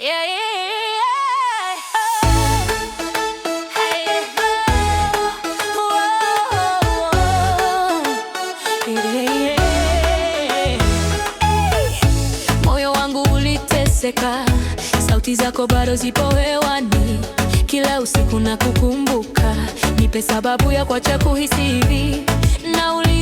Yeah, yeah, Moyo wangu uliteseka, sauti zako bado zipo hewani, kila usiku na kukumbuka, nipe sababu ya kuacha kuhisi hivi na uli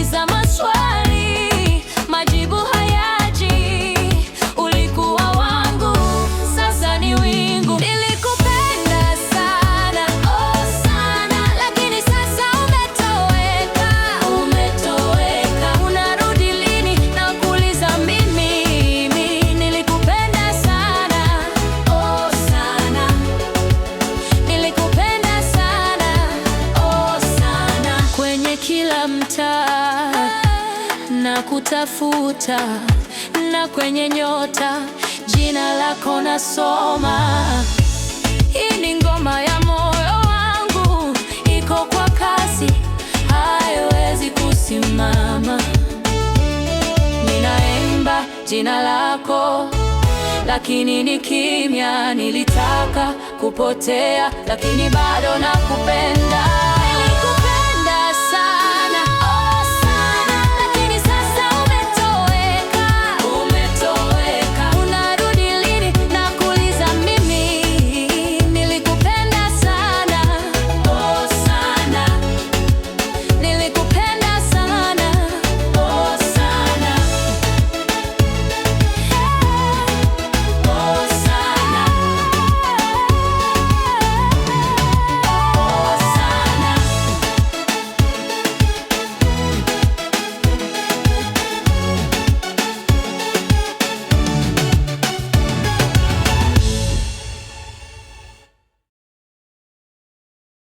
kila mtaa na kutafuta na kwenye nyota jina lako nasoma. Hii ni ngoma ya moyo wangu, iko kwa kasi, haiwezi kusimama. Ninaimba jina lako lakini ni kimya. Nilitaka kupotea, lakini bado nakupenda.